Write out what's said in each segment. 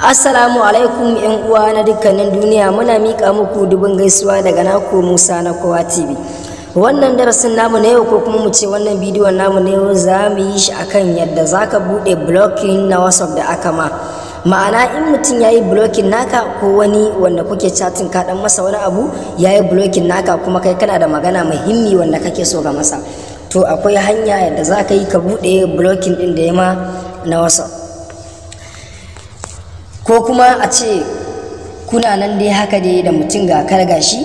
Assalamu alaikum ‘yan uwa na dukkanin duniya muna miƙa muku dubin gaisuwa daga naku Musa na Kowa TV. Wannan darasin namu na yau ko kuma mu ce wannan bidiyon namu na yau za mu yi shi akan yadda za ka buɗe blocking na WhatsApp da aka ma. Ma'ana in mutum ya yi blocking naka ko wani wanda kuke chatting ka ɗan masa wani abu ya yi blocking naka kuma kai kana da magana muhimmi wanda kake so ga masa. To akwai hanya yadda za ka yi ka buɗe blocking ɗin da ya ma na WhatsApp. ko kuma a ce kuna nan dai haka dai da mutum ga kar gashi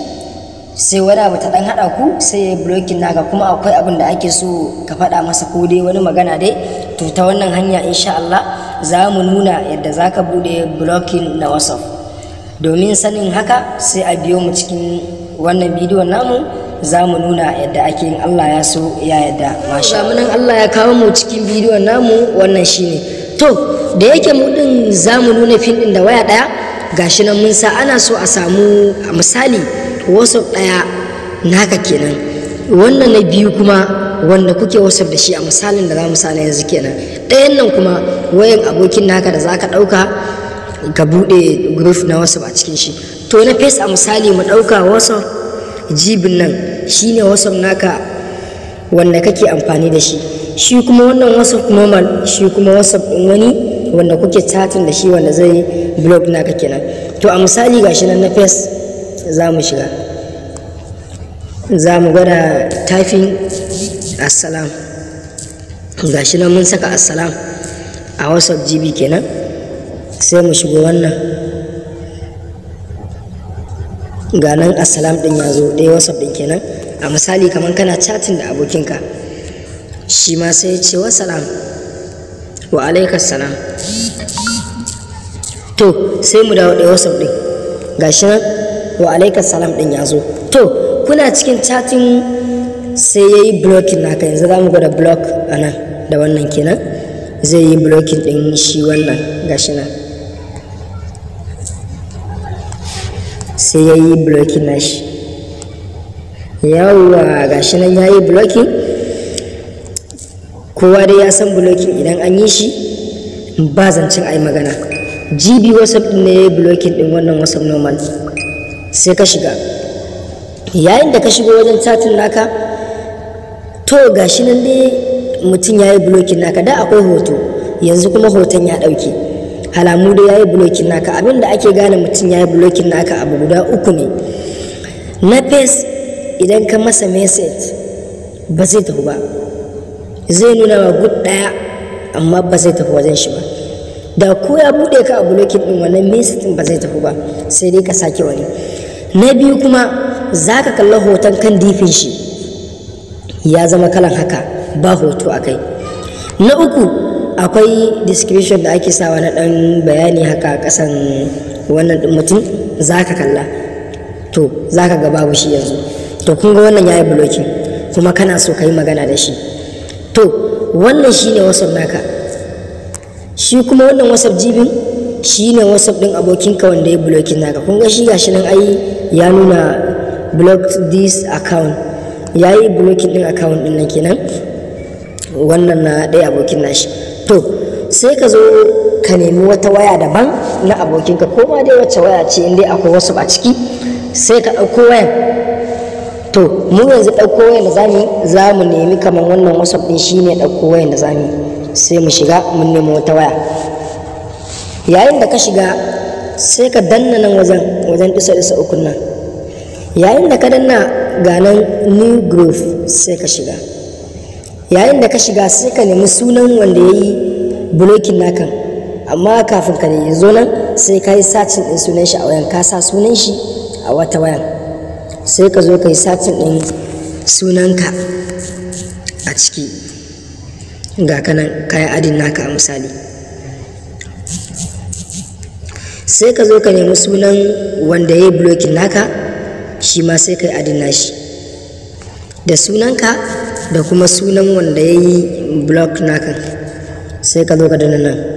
sai wani abu ta dan hada ku sai ya blocking naka kuma akwai abin da ake so ka faɗa masa ko dai wani magana dai to ta wannan hanya insha Allah za mu nuna yadda za ka buɗe blocking na WhatsApp domin sanin haka sai a biyo mu cikin wannan bidiyon namu za mu nuna yadda ake yin Allah ya so ya yadda masha Allah ya kawo mu cikin bidiyon namu wannan shine to da yake mu din za mu nuna fim din da waya ɗaya gashi nan mun sa ana so a samu misali whatsapp ɗaya naka kenan wannan na biyu kuma wanda kuke wasaf da shi a misalin da za mu na yanzu kenan ɗayan nan kuma wayan abokin naka da za ka ɗauka ka buɗe group na wasaf a cikin shi to na face a misali mu ɗauka wasu jibin nan shine wasaf naka wanda kake amfani da shi shi kuma wannan whatsapp normal shi kuma whatsapp wani wanda kuke chatin da shi wanda zai blog naka kenan to a misali gashi nan na face za mu shiga za mu gwada typing assalam gashi nan mun saka assalam a whatsapp gb kenan sai mu shigo wannan ga nan assalam din ya zo ɗaya whatsapp din kenan a misali kamar kana chatin da abokinka shi ma sai ya ce wa salam wa alaikas salam to sai mu dawo ɗaya wasu ɗin gashi nan wa alaikas salam ɗin ya zo to kuna cikin chatin sai ya yi blocking naka yanzu za mu gwada block a nan da wannan kenan zai yi blocking ɗin shi wannan gashi nan sai ya yi blocking na shi yawwa gashi nan ya yi blocking kowa dai ya san blocking idan an yi shi ba zancen ai magana gb whatsapp ne ya yi blocking din wannan whatsapp normal sai ka shiga yayin da ka shigo wajen chatin naka to ga shi nan dai mutum ya yi blocking naka da akwai hoto yanzu kuma hoton ya ɗauke alamu da ya yi blocking naka abin da ake gane mutum ya yi blocking naka abu guda uku ne na face idan ka masa message ba zai tafi ba zai nuna ma gud ɗaya amma ba zai tafi wajen shi ba da ko ya buɗe ka a bulokin ɗin wannan mesa ba zai tafi ba sai dai ka sake wani na biyu kuma za ka kalla hoton kan difin shi ya zama kalan haka ba hoto a kai na uku akwai description da ake sawa na ɗan bayani haka a ƙasan wannan mutum za ka kalla to za ka ga babu shi yanzu to kun ga wannan ya yi bulokin kuma kana so ka yi magana da shi to wannan shine whatsapp naka shi kuma wannan whatsapp jibin shine whatsapp din abokinka wanda ya blocking naka kun ga shi gashi nan ai ya nuna block this account ya yi blocking din account din nan kenan wannan na ɗaya abokin nashi to sai ka zo ka nemi wata waya daban na abokinka ko ma dai wacce waya ce in dai akwai wasu a ciki sai ka ɗauko wayan to mu yanzu ɗauko wayan da zamu za mu nemi kamar wannan whatsapp ɗin shine ɗauko wayan da zamu sai mu shiga mun nemi wata waya yayin da ka shiga sai ka danna nan wajen wajen ɗisa ɗisa ukun nan yayin da ka danna ga nan new group sai ka shiga yayin da ka shiga sai ka nemi sunan wanda ya yi blokin nakan amma kafin ka ne zo nan sai ka yi sacin ɗin sunan shi a wayan ka sa sunan shi a wata wayan sai ka zo ka yi satin ɗin sunanka a ciki ga kanan kayan adin naka a misali sai ka zo ka nemi sunan wanda ya yi blokin naka shi ma sai ka yi adin nashi da sunanka da kuma sunan wanda ya yi blok naka sai ka zo ka dana nan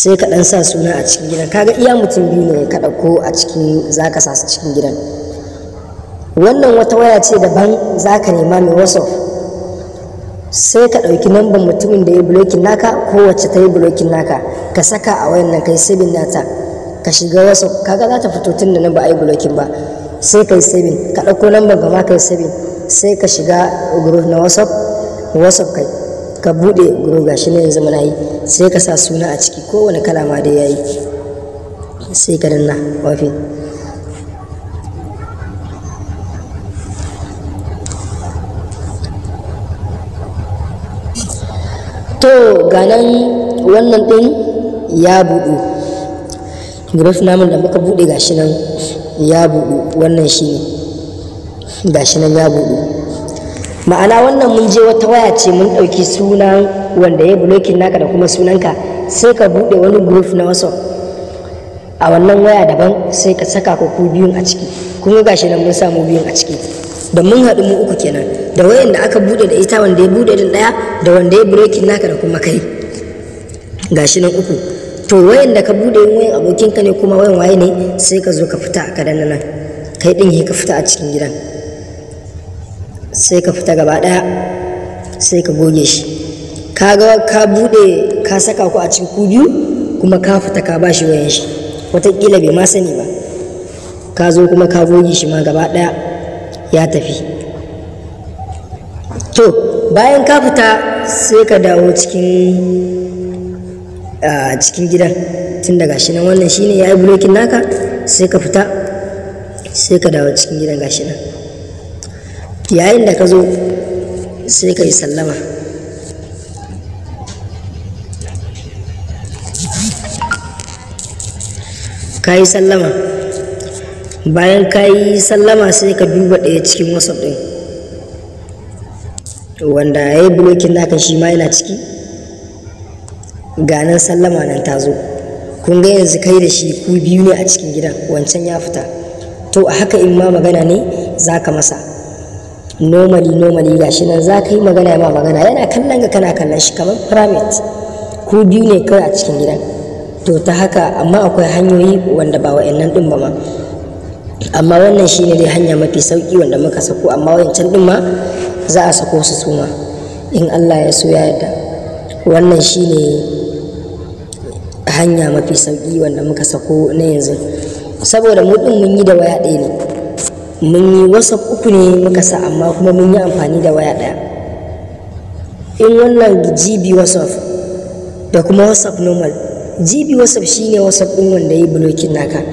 sai ka ɗan sa suna a cikin gidan kaga iya mutum biyu ne ka ɗauko a cikin za ka sa su cikin gidan wannan wata waya ce daban za ka nema mai wasof sai ka ɗauki namban mutumin da ya blokin naka wacce ta yi blokin naka ka saka a wayan nan kai sabin nata ka shiga wasu kaga za ta fito tun da nan ba a yi blokin ba sai ka yi sabin ka ɗauko namban ba ma yi sabin sai ka shiga group na wasu kai ka buɗe guru gashi ne yanzu muna yi sai ka sa suna a ciki kowane kalama da ya yi sai ka danna wafi to ganan wannan ɗin ya buɗu graph namun da muka buɗe gashi nan ya buɗu wannan shi ne gashi nan ya buɗu ma'ana wannan mun je wata waya ce mun ɗauki sunan wanda ya blokin naka da kuma sunanka sai ka buɗe wani group na wasu a wannan waya daban sai ka saka ko ku biyun a ciki kuma gashi nan mun samu biyun a ciki da mun haɗu mu uku kenan da wayan da aka buɗe da ita wanda ya buɗe din ɗaya da wanda ya blokin naka da kuma kai gashi nan uku to wayan da ka buɗe yin wayan abokinka ne kuma wayan waye ne sai ka zo ka fita ka danna nan kai ɗin ka fita a cikin gidan sai ka fita gaba ɗaya sai ka goge shi ka ga ka buɗe ka saka ku a cikin ku biyu kuma ka fita ka bashi wayan shi watakila bai ma sani ba ka zo kuma ka goge shi ma gaba ɗaya ya tafi to bayan ka fita sai ka dawo cikin cikin gidan tun daga shi nan wannan shine ya yi bulokin naka sai ka fita sai ka dawo cikin gidan gashi nan yayin da ka zo sai ka yi sallama ka yi sallama bayan ka yi sallama sai ka duba ɗaya cikin wasu ɗin wanda ya yi bulokin naka shi ma yana ciki ganin sallama nan ta zo kun ga yanzu kai da shi ku biyu ne a cikin gidan wancan ya fita to a haka in ma magana ne za ka masa nomali, normally shi nan za ka yi magana ma magana yana kallon ga kana kallon shi kamar primate Ko biyu ne kawai a cikin gidan to ta haka amma akwai hanyoyi wanda ba wa nan ɗin ba ma amma wannan shi ne dai hanya mafi sauki wanda muka sako amma wancan ɗin ma za a sako su suma in allah ya so ya yarda wannan shi ne hanya mafi sauki wanda muka sako na yanzu saboda mu ɗin mun yi da waya ɗaya ne mun yi whatsapp uku ne muka sa amma kuma mun yi amfani da waya ɗaya in wannan gb whatsapp da kuma whatsapp normal gb whatsapp shine whatsapp ɗin wanda ya yi blocking naka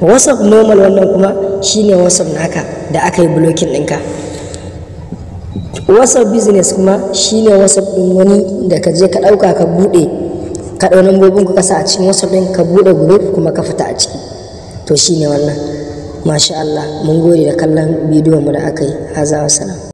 whatsapp normal wannan kuma shine whatsapp naka da aka yi blocking ɗinka whatsapp business kuma shine whatsapp ɗin wani da ka je ka ɗauka ka buɗe ka ɗau lambobin ka sa a cikin whatsapp ɗin ka buɗe group kuma ka fita a ciki to shine wannan Masha Allah, mun gode da kallon bidiyon mu da aka yi. Haza wasalam.